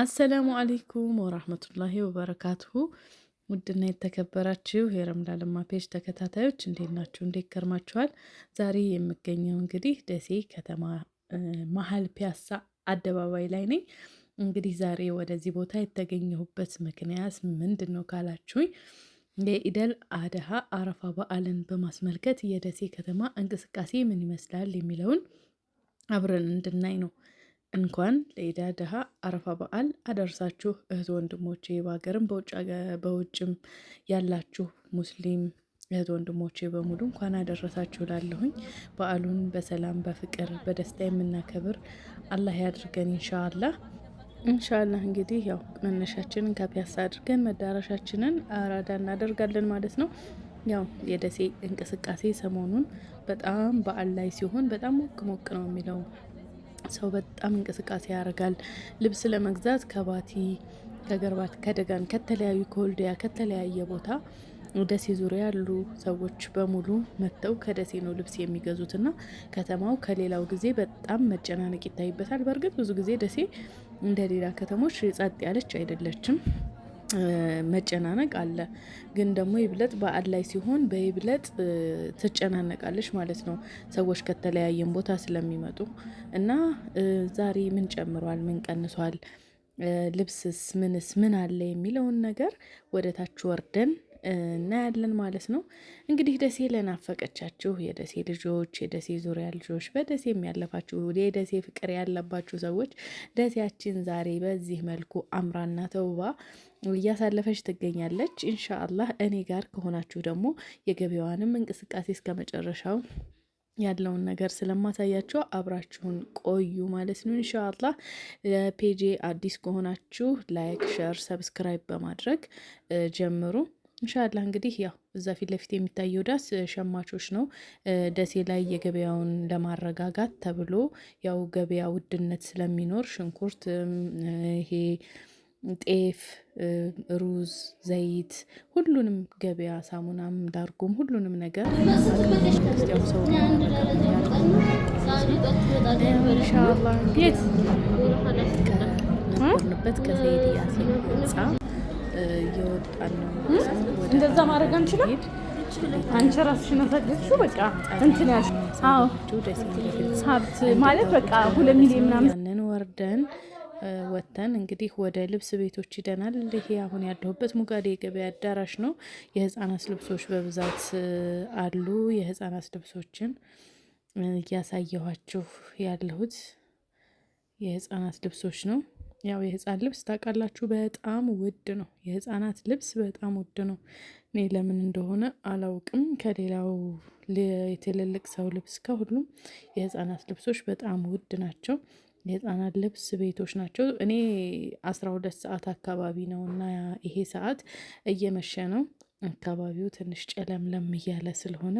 አሰላሙ አሌይኩም ወራህመቱላሂ ወበረካቱሁ። ውድና የተከበራችሁ የረምላ ለማ ፔጅ ተከታታዮች እንዴት ናችሁ? እንዴት ከርማችኋል? ዛሬ የምገኘው እንግዲህ ደሴ ከተማ መሀል ፒያሳ አደባባይ ላይ ነኝ። እንግዲህ ዛሬ ወደዚህ ቦታ የተገኘሁበት ምክንያት ምንድን ነው ካላችሁኝ የኢደል አድሃ አረፋ በዓልን በማስመልከት የደሴ ከተማ እንቅስቃሴ ምን ይመስላል የሚለውን አብረን እንድናይ ነው። እንኳን ለኢድ አድሃ አረፋ በዓል አደርሳችሁ እህት ወንድሞቼ፣ በሀገርም በውጭም ያላችሁ ሙስሊም እህት ወንድሞቼ በሙሉ እንኳን አደረሳችሁ ላለሁኝ በዓሉን በሰላም በፍቅር በደስታ የምናከብር አላህ ያድርገን ኢንሻአላህ። ኢንሻአላህ እንግዲህ ያው መነሻችንን ከፒያሳ አድርገን መዳረሻችንን አራዳ እናደርጋለን ማለት ነው። ያው የደሴ እንቅስቃሴ ሰሞኑን በጣም በዓል ላይ ሲሆን በጣም ሞቅ ሞቅ ነው የሚለው ሰው በጣም እንቅስቃሴ ያደርጋል። ልብስ ለመግዛት ከባቲ፣ ከገርባት፣ ከደጋን፣ ከተለያዩ ከወልዲያ፣ ከተለያየ ቦታ ደሴ ዙሪያ ያሉ ሰዎች በሙሉ መጥተው ከደሴ ነው ልብስ የሚገዙትና ከተማው ከሌላው ጊዜ በጣም መጨናነቅ ይታይበታል። በእርግጥ ብዙ ጊዜ ደሴ እንደ ሌላ ከተሞች ጸጥ ያለች አይደለችም። መጨናነቅ አለ። ግን ደግሞ ይብለጥ በዓል ላይ ሲሆን በይብለጥ ትጨናነቃለች ማለት ነው። ሰዎች ከተለያየን ቦታ ስለሚመጡ እና ዛሬ ምን ጨምሯል፣ ምን ቀንሷል፣ ልብስስ፣ ምንስ ምን አለ የሚለውን ነገር ወደ ታች ወርደን እናያለን ማለት ነው። እንግዲህ ደሴ ለናፈቀቻችሁ የደሴ ልጆች፣ የደሴ ዙሪያ ልጆች፣ በደሴ የሚያለፋችሁ የደሴ ፍቅር ያለባችሁ ሰዎች ደሴያችን ዛሬ በዚህ መልኩ አምራና ተውባ እያሳለፈች ትገኛለች። ኢንሻአላህ እኔ ጋር ከሆናችሁ ደግሞ የገበያዋንም እንቅስቃሴ እስከ መጨረሻው ያለውን ነገር ስለማሳያችሁ አብራችሁን ቆዩ ማለት ነው። እንሻላ ለፔጄ አዲስ ከሆናችሁ ላይክ፣ ሸር፣ ሰብስክራይብ በማድረግ ጀምሩ። እንሻላ እንግዲህ ያው እዛ ፊት ለፊት የሚታየው ዳስ ሸማቾች ነው። ደሴ ላይ የገበያውን ለማረጋጋት ተብሎ ያው ገበያ ውድነት ስለሚኖር ሽንኩርት፣ ይሄ ጤፍ፣ ሩዝ፣ ዘይት ሁሉንም ገበያ ሳሙናም፣ ዳርጎም ሁሉንም ነገር ክርስቲያኑ ቤት ከነበርንበት ከዘይድ ያሴ ህንጻ እየወጣን ነው። እንደዛ ማድረግ አንችልም። አንቺ ራስሽን አሳደግሽው በቃ እንትን ያልሽ ሀብት ማለት በቃ ሁለት ሚሊዮን ምናምን ወርደን ወጥተን እንግዲህ ወደ ልብስ ቤቶች ሂደናል። ይሄ አሁን ያለሁበት ሙጋዴ የገበያ አዳራሽ ነው። የህፃናት ልብሶች በብዛት አሉ። የህፃናት ልብሶችን እያሳየኋችሁ ያለሁት የህፃናት ልብሶች ነው። ያው የህፃን ልብስ ታውቃላችሁ በጣም ውድ ነው። የህፃናት ልብስ በጣም ውድ ነው። እኔ ለምን እንደሆነ አላውቅም። ከሌላው የትልልቅ ሰው ልብስ ከሁሉም የህፃናት ልብሶች በጣም ውድ ናቸው። የህፃናት ልብስ ቤቶች ናቸው። እኔ አስራ ሁለት ሰዓት አካባቢ ነው እና ይሄ ሰዓት እየመሸ ነው አካባቢው ትንሽ ጨለምለም እያለ ስለሆነ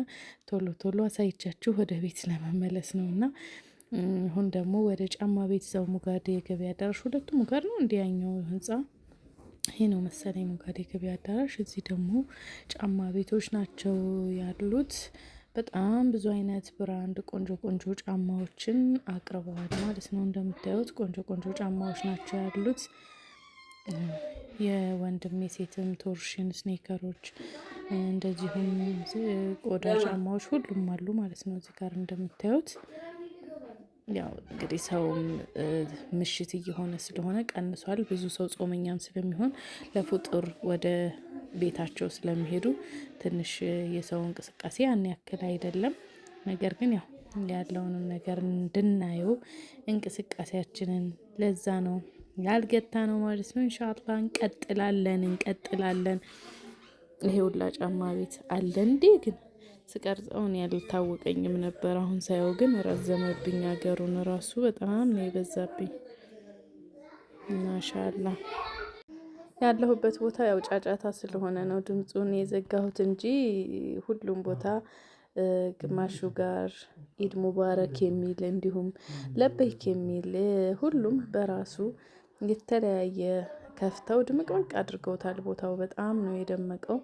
ቶሎ ቶሎ አሳይቻችሁ ወደ ቤት ለመመለስ ነው እና አሁን ደግሞ ወደ ጫማ ቤት ሙጋዴ የገበያ አዳራሽ ሁለቱ ሙጋድ ነው እንዲ ያኛው ህንፃ ይሄ ነው መሰለኝ ሙጋዴ የገበያ አዳራሽ። እዚህ ደግሞ ጫማ ቤቶች ናቸው ያሉት። በጣም ብዙ አይነት ብራንድ ቆንጆ ቆንጆ ጫማዎችን አቅርበዋል ማለት ነው። እንደምታዩት ቆንጆ ቆንጆ ጫማዎች ናቸው ያሉት። የወንድም የሴትም ቶርሽን ስኔከሮች፣ እንደዚሁም ቆዳ ጫማዎች ሁሉም አሉ ማለት ነው እዚህ ጋር እንደምታዩት ያው እንግዲህ ሰውም ምሽት እየሆነ ስለሆነ ቀንሷል። ብዙ ሰው ጾመኛም ስለሚሆን ለፍጡር ወደ ቤታቸው ስለሚሄዱ ትንሽ የሰው እንቅስቃሴ ያን ያክል አይደለም። ነገር ግን ያው ያለውንም ነገር እንድናየው እንቅስቃሴያችንን ለዛ ነው ያልገታ ነው ማለት ነው። እንሻላ እንቀጥላለን እንቀጥላለን። ይሄ ሁላ ጫማ ቤት አለ እንዴ ግን ስቀርጸውን ያልታወቀኝም ነበር። አሁን ሳየው ግን ረዘመብኝ። ሀገሩን ራሱ በጣም ነው የበዛብኝ። ማሻላ ያለሁበት ቦታ ያው ጫጫታ ስለሆነ ነው ድምፁን የዘጋሁት እንጂ ሁሉም ቦታ ግማሹ ጋር ኢድ ሙባረክ የሚል እንዲሁም ለበይክ የሚል ሁሉም በራሱ የተለያየ ከፍተው ድምቅምቅ አድርገውታል። ቦታው በጣም ነው የደመቀው።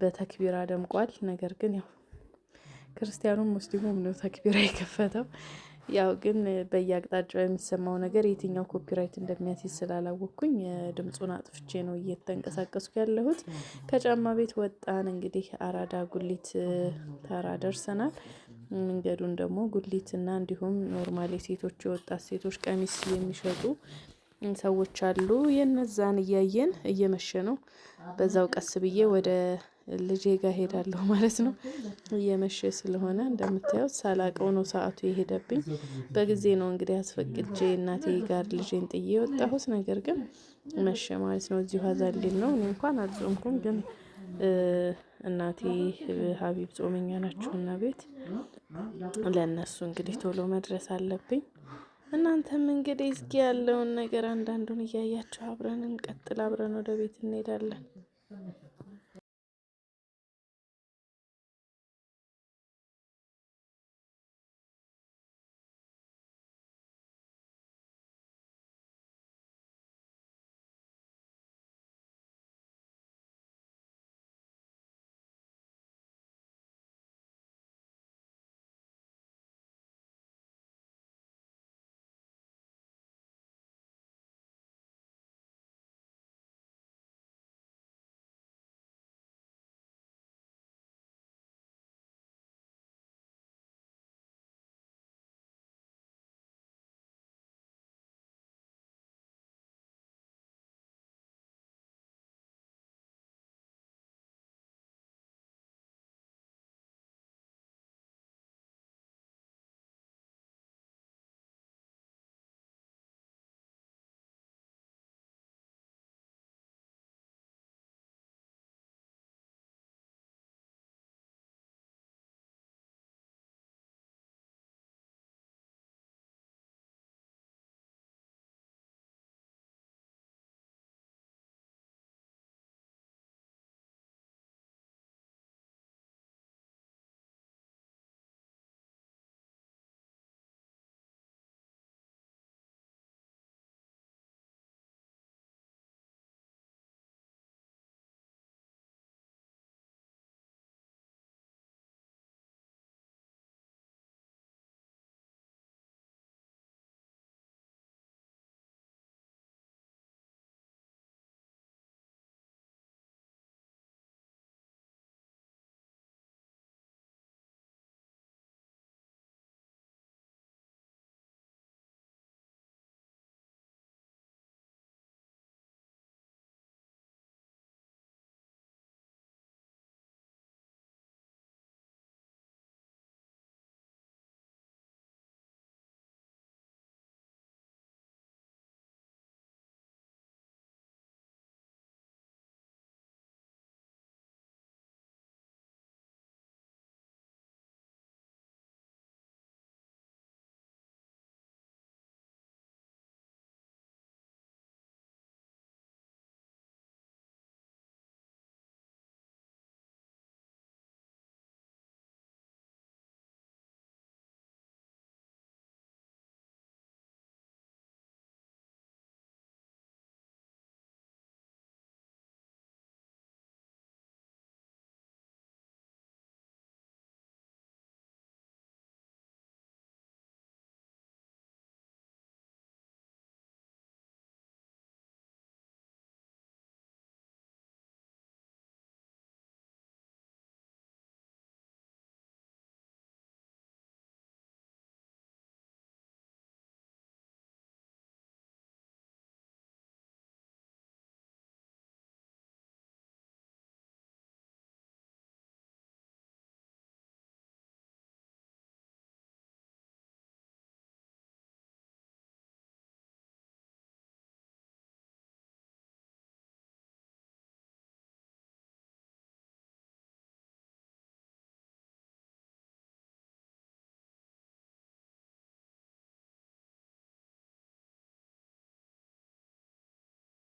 በተክቢራ ደምቋል። ነገር ግን ያው ክርስቲያኑም ሙስሊሙም ነው ተክቢራ የከፈተው። ያው ግን በየአቅጣጫው የሚሰማው ነገር የትኛው ኮፒራይት እንደሚያስይዝ ስላላወቅኩኝ ድምፁን አጥፍቼ ነው እየተንቀሳቀስኩ ያለሁት። ከጫማ ቤት ወጣን። እንግዲህ አራዳ ጉሊት ተራ ደርሰናል። መንገዱን ደግሞ ጉሊት እና እንዲሁም ኖርማሌ ሴቶች የወጣት ሴቶች ቀሚስ የሚሸጡ ሰዎች አሉ። የነዛን እያየን እየመሸ ነው። በዛው ቀስ ብዬ ወደ ልጄ ጋር ሄዳለሁ ማለት ነው። እየመሸ ስለሆነ እንደምታዩት ሳላቀው ነው ሰዓቱ የሄደብኝ። በጊዜ ነው እንግዲህ አስፈቅጄ እናቴ ጋር ልጄን ጥዬ የወጣሁት። ነገር ግን መሸ ማለት ነው። እዚሁ አዛሌል ነው። እኔ እንኳን አልጾምኩም፣ ግን እናቴ ሀቢብ ጾመኛ ናቸውና ቤት ለእነሱ እንግዲህ ቶሎ መድረስ አለብኝ። እናንተም እንግዲህ እስኪ ያለውን ነገር አንዳንዱን እያያችሁ አብረን እንቀጥል። አብረን ወደ ቤት እንሄዳለን።